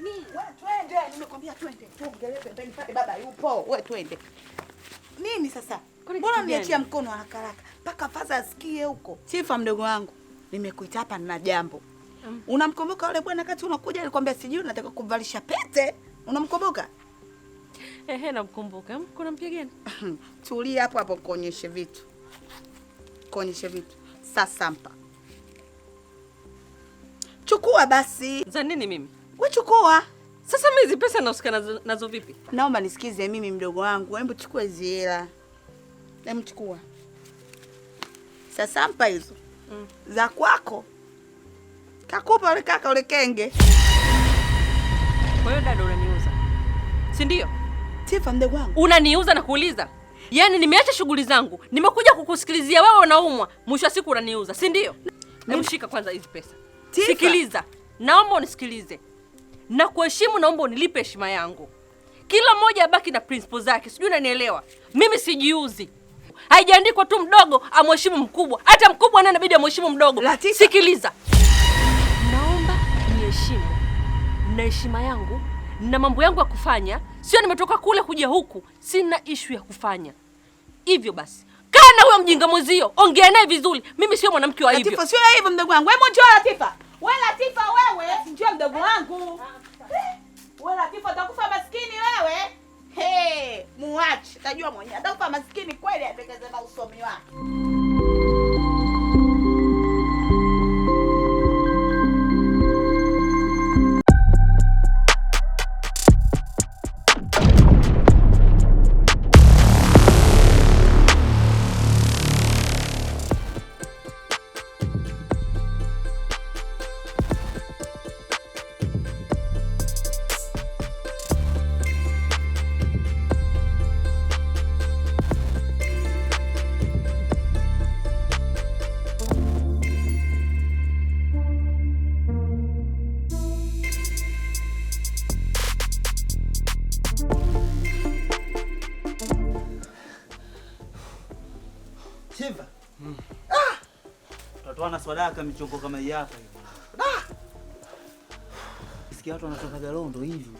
twende, nimekwambia twende. Tuongelee pembeni pale baba yupo. Wewe twende. Nini sasa? Mbona niachia mkono haraka haraka? Paka faza asikie huko. Sifa mdogo wangu. Nimekuita hapa na jambo. Mm. Unamkumbuka yule bwana kati unakuja alikwambia sijui nataka kuvalisha pete? Unamkumbuka? Ehe, namkumbuka. Mm, kuna mpya gani? Tulia hapo hapo kuonyeshe vitu. Kuonyeshe vitu. Sasa mpa. Chukua basi. Za nini mimi? Wachukua sasa. Mimi hizi pesa nahusika nazo, nazo vipi? Naomba nisikize mimi mdogo wangu, hebu chukua hizi hela, hebu chukua sasa, mpa hizo mm. za kwako kakupa ule kaka ule kenge. Kwa hiyo dada, unaniuza si ndio? Tifa mdogo wangu, unaniuza na kuuliza Yaani nimeacha shughuli zangu, nimekuja kukusikilizia wewe unaumwa, mwisho wa siku unaniuza, si ndio? Hebu shika kwanza hizi pesa. Sikiliza. Naomba unisikilize na kuheshimu, naomba unilipe heshima yangu. Kila mmoja abaki na principles zake, sijui unanielewa. Mimi sijiuzi, haijaandikwa tu mdogo amheshimu mkubwa, hata mkubwa naye inabidi amheshimu mdogo. Latisa, Sikiliza, naomba niheshimu na heshima yangu na mambo yangu ya kufanya, sio nimetoka kule kuja huku, sina ishu ya kufanya hivyo. Basi kaa na huyo mjinga mwenzio, ongea naye vizuri. Mimi sio mwanamke wa hivyo. Latifa, sio hivyo mdogo wangu. Wewe njoo Latifa, wewe Latifa wewe, njoo mdogo wangu wala kifo takufa maskini wewe. Hey, muache, utajua mwenyewe atakufa maskini kweli, atengeze na usomi wake. swadaka michongo kama hii hapa hiyo. Sikia watu wanatoka Galondo hivi.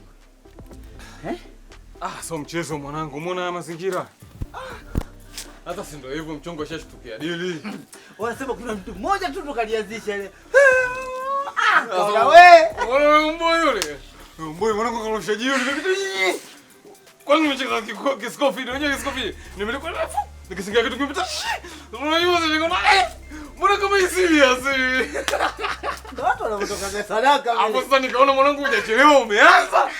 Eh? Ah, so mchezo mwanangu, umeona haya mazingira? Ah! Hata si ndio hivyo mchongo shashtukia dili. Wanasema kuna mtu mmoja tu tukalianzisha ile. Ah, kaona ah! we. Wala mboyo yule. Mboyo mwanangu kalosha jioni. Kwani nimecheka kiskofi, ndio nyenye kiskofi. Nimelikuwa nikisikia kitu kimepita. Unajua sasa niko na eh. Mbona kama serious? Watu wanatoka sadaka. Hapo sasa nikaona mwanangu hujachelewa umeanza.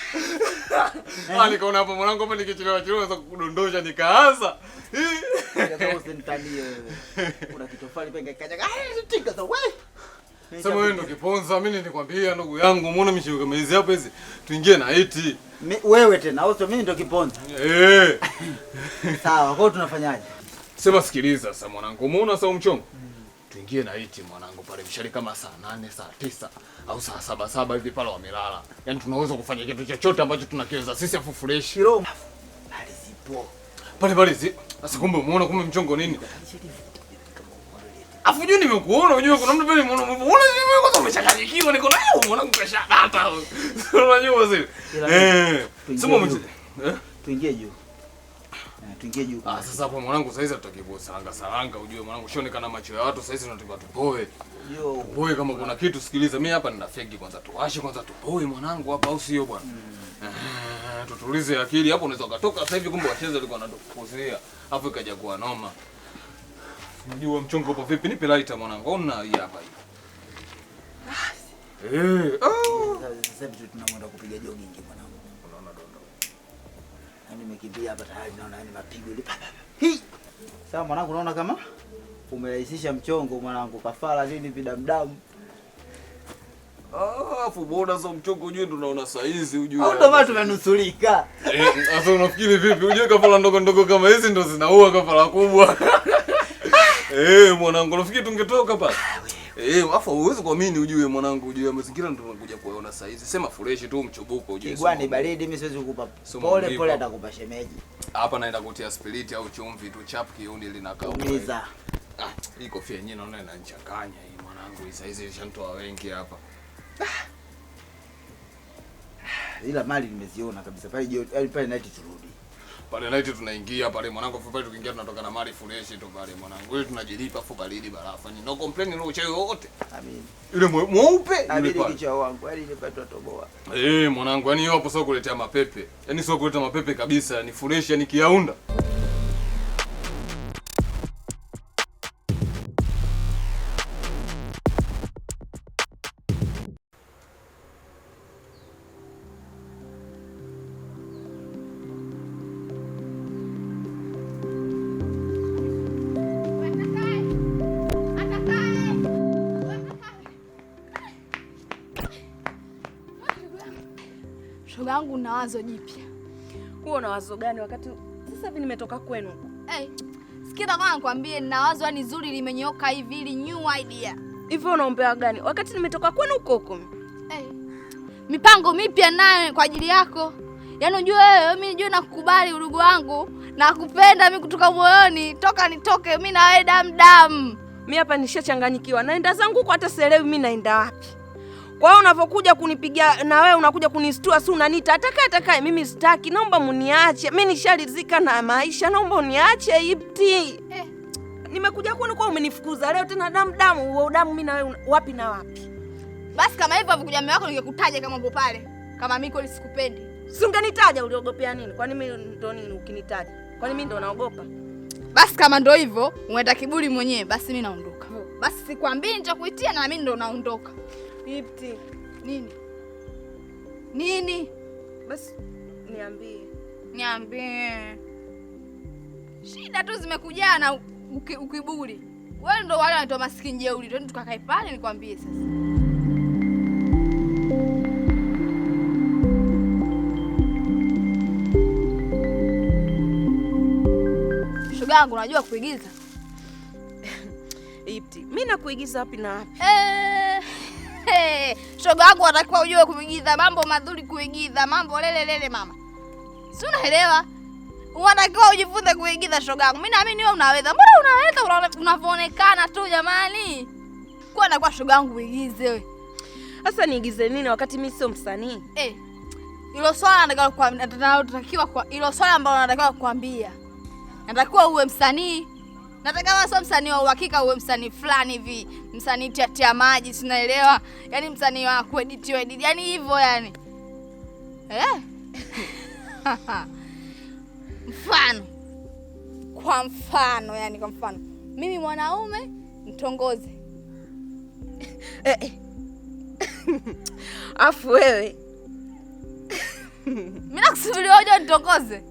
Ah, nikaona hapo mwanangu hapa nikichelewa chelewa naweza kukudondosha nikaanza. Sasa usinitanie wewe. Kuna kitofali penge kaja. Ah, tika za wewe. Sema wewe ndo kiponza, mimi nilikwambia ndugu yangu, muone mishigo kama hizi hapo hizi. Tuingie na iti. Wewe tena, au mimi ndo kiponza. Eh. Sawa, kwa hiyo tunafanyaje? Sema sikiliza sasa mwanangu, umeona sasa umchongo? Mm. Tuingie na iti mwanangu pale mshari kama saa nane, saa tisa au saa saba saba hivi pale wamelala. Yaani tunaweza kufanya kitu chochote ambacho tunakiweza sisi afu fresh. Pale zipo. Pale pale zipo. Sasa kumbe umeona kumbe mchongo nini? Afu juu nimekuona unajua kuna mtu pale umeona umeona hivi kwanza umechanganyikiwa niko na yeye mwanangu kasha data. Unajua sasa. Eh. Sema mtu. Eh? Tuingie juu tuingie juu. Ah, sasa hapo mwanangu, saizi hatutaki kuwa saranga saranga, ujue mwanangu, shonekana macho ya watu hizi tunatakiwa tupoe. Yo. Tupoe kama kuna kitu, sikiliza mimi hapa nina fegi kwanza, tuwashe kwanza, tupoe mwanangu hapa, au sio bwana? Mm. Ah, tutulize akili hapo, unaweza kutoka sasa hivi, kumbe wacheza walikuwa wanatupozea, hapo ikaja kuwa noma. Unajua mchongo upo vipi? Nipe lighter mwanangu, au na hii hapa hii. Ah. Eh, oh. Sasa hivi tunamwenda kupiga jogging mwanangu. Yaani nimekimbia hapa tayari, naona yani mapigo ile. Hii. Sawa mwanangu, naona kama umerahisisha mchongo mwanangu, kafara nini bidamdamu. Ah, mbona sio mchongo ujue ndo naona saa hizi ujue. Au ndo maana tumenusulika. Eh, sasa unafikiri vipi? Ujue kafara ndogo ndogo kama hizi ndo zinaua kafara kubwa. Eh, mwanangu, unafikiri tungetoka pale? Eh, afa kwa mimi ujue mwanangu ujue mazingira ndio tunakuja kuona saa hizi. Sema fresh tu mchubuko ujue. Kigwani baridi mimi siwezi kukupa. Pole pole atakupa shemeji. Hapa naenda kutia spirit au chumvi tu chap kiundi linakaa. Umiza. Ah, hii kofia yenyewe naona inanichanganya hii mwanangu. Hii saa hizi ishantoa wengi hapa. Ah. ah. Ila mali nimeziona kabisa pale jioni, yaani pale night turudi pale night tunaingia pale mwanangu, afu pale tukiingia tunatoka na mali fresh tu pale mwanangu, wewe tunajilipa afu baridi barafa yaani yaani ni no complain leo uchawi wote. Amini yule mweupe amini kichwa wangu ni pato toboa eh mwanangu, yani hapo sio kuletea mapepe, yani sio kuleta mapepe kabisa, ni yaani fresh, yani kiaunda yangu na wazo jipya. Huo na wazo gani wakati sasa hivi nimetoka kwenu? Hey, sikiza kwanza nikwambie, nina wazo ni zuri limenyoka hivi ili new idea. Hivi unaombea gani wakati nimetoka kwenu huko huko? Hey, mipango mipya nayo kwa ajili yako. Yaani unajua wewe, mimi nijue nakukubali udugu wangu, nakupenda mimi kutoka moyoni, toka nitoke mimi na wewe damu damu. Mimi hapa nishachanganyikiwa, naenda zangu huko hata sielewi mimi naenda wapi. Kwa hiyo unavyokuja kunipigia na wewe unakuja kunistua, si unaniita atakaye atakaye. Mimi sitaki, naomba muniache, mi nishalizika na maisha, naomba uniache Ipti eh. Nimekuja kwenu kwa umenifukuza leo tena damu damu, wewe damu, mimi na wewe wapi na wapi? Basi kama hivyo vikuja mimi wako ningekutaja kama upo pale. Kama mimi kweli sikupendi. Si ungenitaja uliogopea nini? Kwa nini mimi ndo nini ukinitaja? Kwa nini mimi ndo naogopa? Basi kama ndo hivyo, unaenda kiburi mwenyewe, basi mimi naondoka. Oh. Basi sikwambii nitakuitia na mimi ndo naondoka. Bibti. Nini? Nini? Basi niambie. Niambie. Shida tu zimekujaa na ukiburi. Wewe ndo wale wanaitwa maskini jeuri. Twende tukakae pale nikwambie sasa. Gangu, unajua kuigiza Ipti. Mimi nakuigiza wapi na wapi? Eh shoga wako watakiwa ujue kuigiza mambo mazuri, kuigiza mambo lele lele. Mama, si unaelewa? Unatakiwa ujifunze kuigiza shoga wangu. Mimi naamini wewe unaweza. Mbona unaweza unavyoonekana tu jamani? Kwa na shoga yangu uigize wewe. Sasa niigize nini wakati mimi sio msanii? Eh. Hilo swala nataka kwa natakiwa kwa hilo swala ambalo natakiwa kukwambia. Natakiwa uwe msanii Nataka kama sio msanii wa uhakika uwe msanii fulani hivi, msanii tiatia maji, sinaelewa. yani msanii wa kuedit edit, yani hivyo yani. Eh? Mfano. Kwa mfano, yani kwa mfano. Mimi mwanaume mtongoze. Eh, eh. Afu wewe. Mimi nakusubiria hoja nitongoze.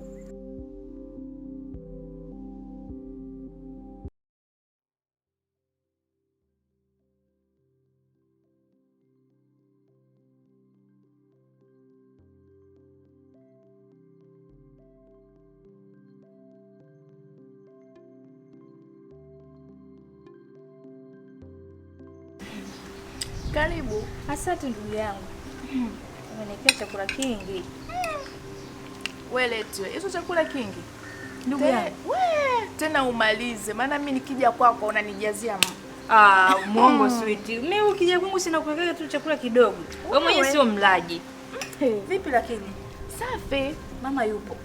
Asante ndugu yangu, umenikia chakula kingi. Weletwe hizo chakula kingi ndugu yangu, tena umalize, maana mi nikija kwako unanijazia Ah, mwongo mm. sweet. Mimi ukija kwangu sina kuwekea tu chakula kidogo. Wewe mwenyewe sio mlaji. Vipi lakini? Safi. Mama yupo.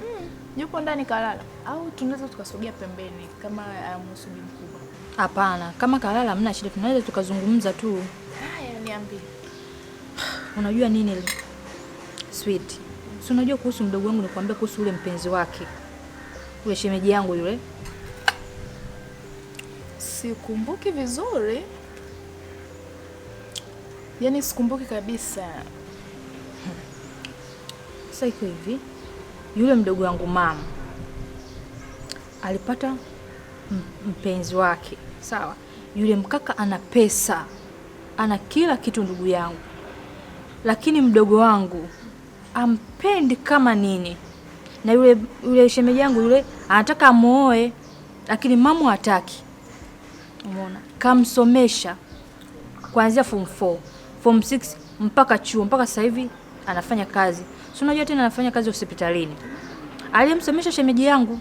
Mm. Yupo ndani kalala au tunaweza tukasogea pembeni kama uh, mkubwa? Hapana, kama kalala hamna shida, tunaweza tukazungumza tu dhambi. Unajua nini leo? Sweet. Si unajua kuhusu mdogo wangu nikuambia kuhusu ule mpenzi wake. Ule shemeji yangu yule. Sikumbuki vizuri. Yaani sikumbuki kabisa. Sasa iko hivi. Yule mdogo wangu mama alipata mpenzi wake. Sawa? Yule mkaka ana pesa ana kila kitu ndugu yangu, lakini mdogo wangu ampendi kama nini, na yule yule shemeji yangu yule anataka amwoe, lakini mamu hataki. Umeona, kamsomesha kuanzia form 4 form 6 mpaka chuo, mpaka sasa hivi anafanya kazi, si unajua tena, anafanya kazi hospitalini. Aliyemsomesha shemeji yangu,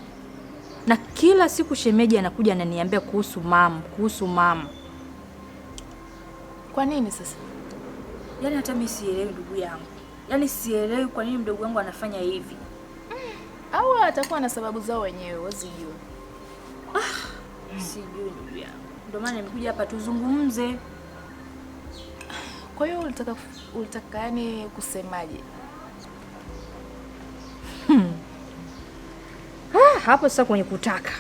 na kila siku shemeji anakuja ananiambia kuhusu mamu, kuhusu mamu kwa nini sasa? Yaani hata mimi sielewi ndugu yangu, yaani sielewi kwa nini mdogo wangu anafanya hivi. Mm, au atakuwa na sababu zao wenyewe, wazijua. Ah, mm. Sijui ndugu yangu, ndio maana nimekuja hapa tuzungumze. Kwa hiyo ulitaka ulitaka yani kusemaje? Hmm. Ah, hapo sasa kwenye kutaka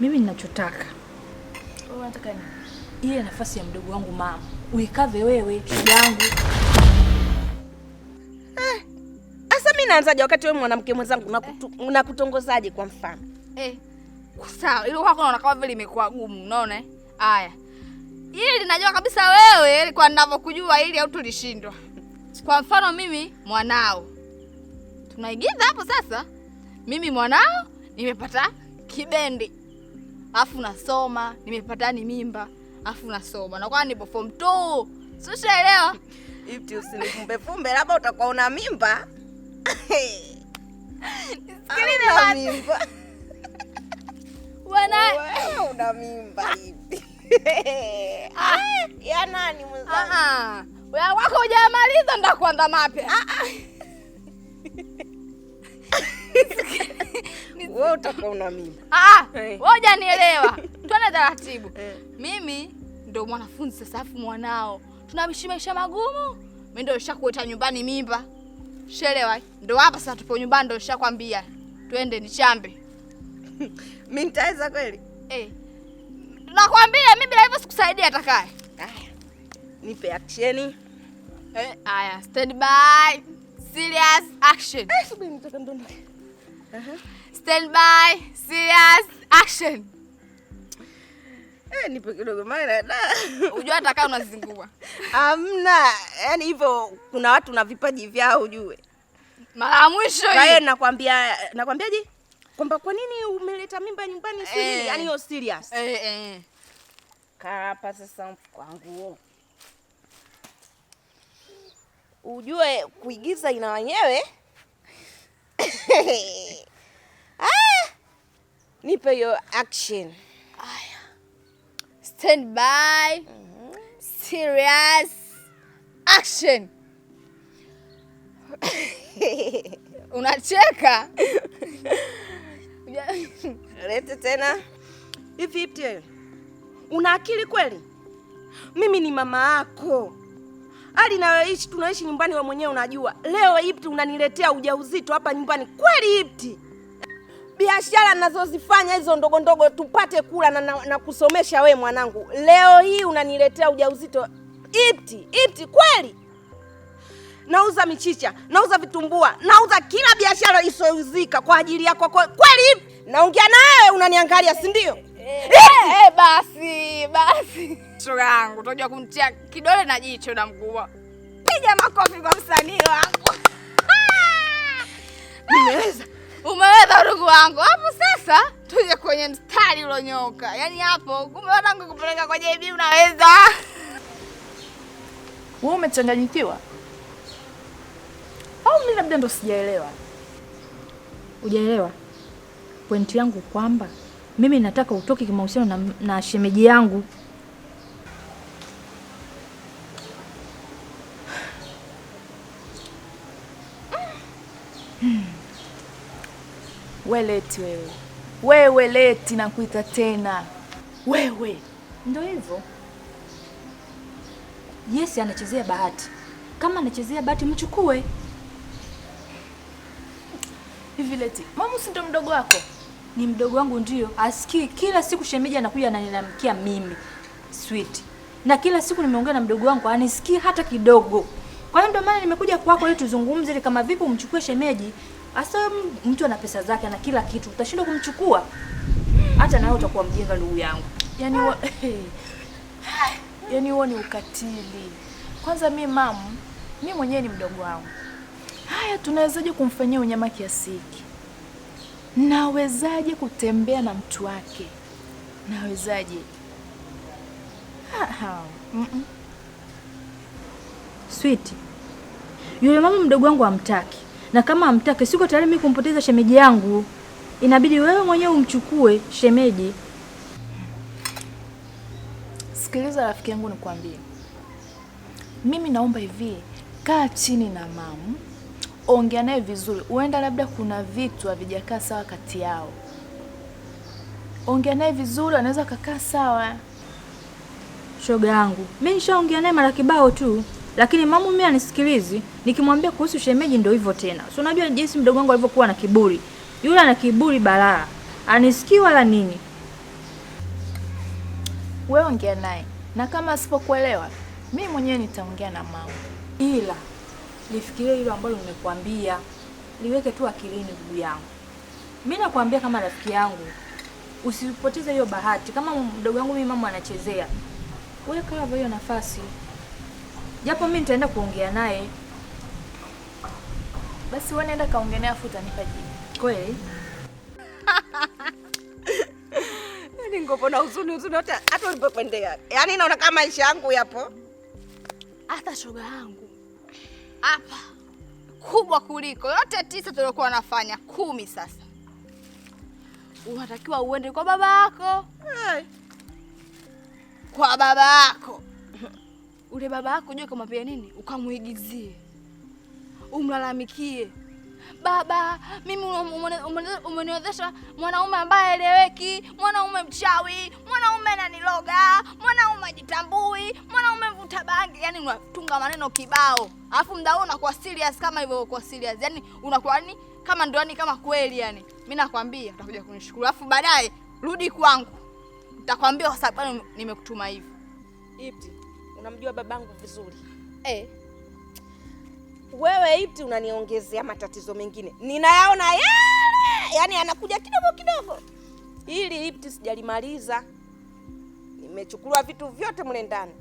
mimi ninachotaka. Unataka nini? ile nafasi ya mdogo wangu mama uikave wewe, shoga yangu. Eh, Asa mi naanzaje wakati wewe mwanamke mwenzangu unakutongozaje? Eh, kwa mfano eh, sawa ile kwako naona kama vile imekuwa gumu, unaona eh? haya ili linajua kabisa wewe kwa ninavyokujua, ili au tulishindwa. Kwa mfano mimi mwanao, tunaigiza hapo sasa. Mimi mwanao nimepata kibendi, afu nasoma nimepata ni mimba afu nasoma na kwa nipo form 2. Sio shaelewa. Iti usinifumbe fumbe labda utakuwa una mimba. Sikiliza mimba. Wana una mimba hivi. Ah. Ah, ya nani mzangu? Ah. ah. wako hujamaliza ndakuanza mapya. Ah. Wewe utakuwa una mimba. Ah, wewe ah, eh. hujanielewa. Tuone taratibu. Eh. Mimi ndio mwanafunzi sasa, afu mwanao tunaishi maisha magumu. Mimi ndio nishakueta nyumbani mimba, shelewa. Ndio hapa sasa tupo nyumbani, ndio nishakwambia twende ni chambe. Mimi nitaweza kweli? Eh, nakwambia mimi bila hivyo sikusaidia atakaye. Haya, nipe action. Eh, haya, stand by, serious action. Eh, subiri ndo ndo uh -huh. Stand by, serious, action. Eh, nipo kidogo maana unajua hata kama unazingua hamna. Yani hivyo kuna watu na vipaji vyao ujue. Mara mwisho hii nakwambia, nakwambiaje kwamba kwa nini umeleta mimba nyumbani si nini? Eh. Yani hiyo serious. Eh eh. Kaa hapa sasa kwangu. Ujue kuigiza ina wenyewe nipe hiyo action. Aya, stand by. Mm -hmm. Serious action. Unacheka lete tena hivi ipte, una akili kweli? Mimi ni mama yako hali nayoishi tunaishi nyumbani, wa mwenyewe unajua. Leo Ipti unaniletea ujauzito hapa nyumbani kweli Ipti? biashara nazozifanya hizo ndogo ndogo tupate kula na, na, na kusomesha we mwanangu. Leo hii unaniletea ujauzito ipti ipti kweli? Nauza michicha, nauza vitumbua, nauza kila biashara isouzika kwa ajili yako kweli? Naongea na wewe unaniangalia, si ndio? Eh, eh, eh, basi basi, sura yangu utajua kumtia kidole na jicho na mguu. Piga makofi kwa msanii wangu ah! ah! Nimeweza umeweza udugu wangu. Hapo sasa tuje kwenye mstari ulonyoka, yaani hapo kumbe wanangu kupeleka kwa JB unaweza wewe. Umechanganyikiwa au mimi labda ndo sijaelewa? Ujaelewa pointi yangu kwamba mimi nataka utoke kimahusiano na, na shemeji yangu. wewe leti, wewe wewe leti, nakuita tena wewe. Ndio hivyo Yesi anachezea bahati. Kama anachezea bahati, mchukue hivi. Leti, mamu, si ndo mdogo wako? Ni mdogo wangu, ndio asikii. Kila siku shemeji anakuja ananiamkia mimi sweet, na kila siku nimeongea na mdogo wangu anisikii hata kidogo. Kwa hiyo ndio maana nimekuja kwako ili tuzungumze, ili kama vipi umchukue shemeji Hasa mtu ana pesa zake na kila kitu, utashindwa kumchukua? Hata nawe utakuwa mjinga, ndugu yangu. Yaani huo yaani huo ni ukatili. Kwanza mi mamu, mi mwenyewe ni mdogo wangu, haya tunawezaje kumfanyia unyama kiasi hiki? Nawezaje kutembea na mtu wake? Nawezaje? mm -mm. Sweet, yule mama mdogo wangu hamtaki na kama amtake, siko tayari mimi kumpoteza shemeji yangu. Inabidi wewe mwenyewe umchukue shemeji. Sikiliza rafiki yangu, nikwambie, mimi naomba hivi, kaa chini na mamu, ongea naye vizuri. Huenda labda kuna vitu havijakaa sawa kati yao, ongea naye vizuri, anaweza kakaa sawa. Shoga yangu, mimi nishaongea naye mara kibao tu, lakini mamu mimi anisikilizi. Nikimwambia kuhusu shemeji ndio hivyo tena. Si unajua jinsi mdogo wangu alivyokuwa na kiburi. Yule ana kiburi balaa. Anisikii wala nini? Wewe ongea naye. Na kama asipokuelewa, mimi mwenyewe nitaongea na mama. Ila lifikirie hilo ambalo nimekuambia. Liweke tu akilini ndugu yangu. Mimi nakwambia kama rafiki yangu, usipoteze hiyo bahati. Kama mdogo wangu mimi mama anachezea. Weka hiyo nafasi. Japo mimi nitaenda kuongea naye basi wewe nenda kaongelea futa nikajibu. Kweli? Yaani ngopo na huzuni huzuni hata hata ulipopendea. Yaani naona kama maisha yangu yapo. Hata shoga yangu. Hapa kubwa kuliko yote tisa tuliokuwa nafanya kumi sasa. Unatakiwa uende kwa baba yako. Hey. Kwa baba yako. Ule baba yako kama pia nini? Ukamwigizie umlalamikie. Baba, mimi umeniozesha mwanaume ambaye eleweki, mwanaume mchawi, mwanaume naniloga, mwanaume ajitambui, mwanaume mvuta bangi. Yani unatunga maneno kibao, alafu mda huo unakuwa serious kama hivyo, uko serious yani unakuwa ni kama ndo yani kama kweli yani. Mimi nakwambia utakuja kunishukuru, alafu baadaye rudi kwangu, nitakwambia kwa sababu nimekutuma hivi. Ipi, unamjua babangu vizuri eh? wewe iti unaniongezea matatizo mengine ninayaona yale, yani anakuja kidogo kidogo. ili ipti sijalimaliza, nimechukua vitu vyote mle ndani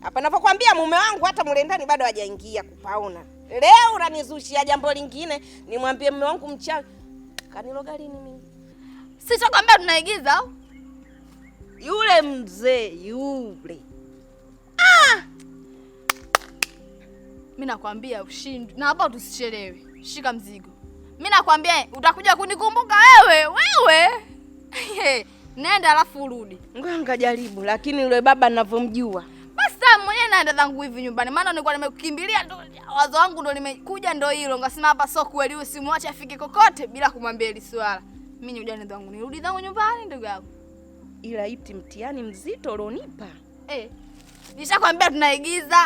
hapa navyokwambia. Mume wangu hata mle ndani bado hajaingia kupaona. Leo unanizushia jambo lingine, nimwambie mume wangu mchawi kaniloga lini mimi? Sisi tunaigiza yule mzee yule mi nakwambia ushindwe, na hapa tusichelewe. Shika mzigo, mi nakwambia utakuja kunikumbuka wewe, wewe. Nenda alafu urudi. Ngoja nikajaribu, lakini yule baba ninavyomjua mwenyewe naenda zangu hivi nyumbani, maana nilikuwa nimekukimbilia, ndo wazo wangu ndo nimekuja, ndo hilo ngasema hapa sio kweli, usimwache afike kokote bila kumwambia hili swala. Mimi ujane zangu nirudi zangu nyumbani, ndugu yangu. Ila iti mtihani mzito ulionipa eh, nishakwambia tunaigiza.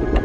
you.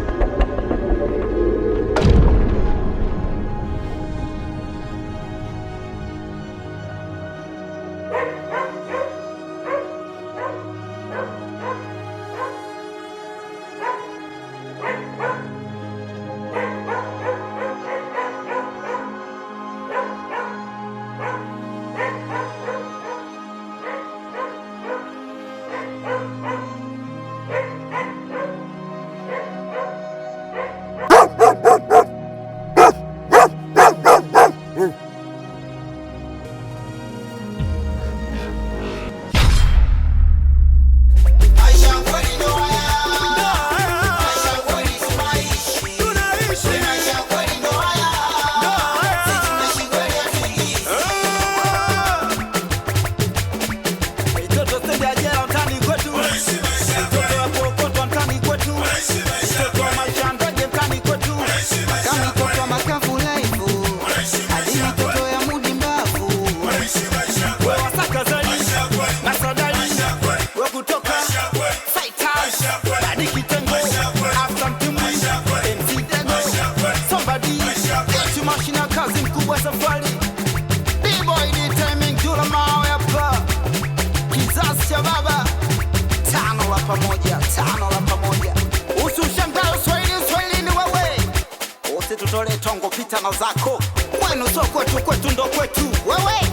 tano la pamoja, usiushangaa uswahili, uswahili ni wewe, usitutolee tongo, pita na zako, kwenu sio kwetu, kwetu ndo kwetu wewe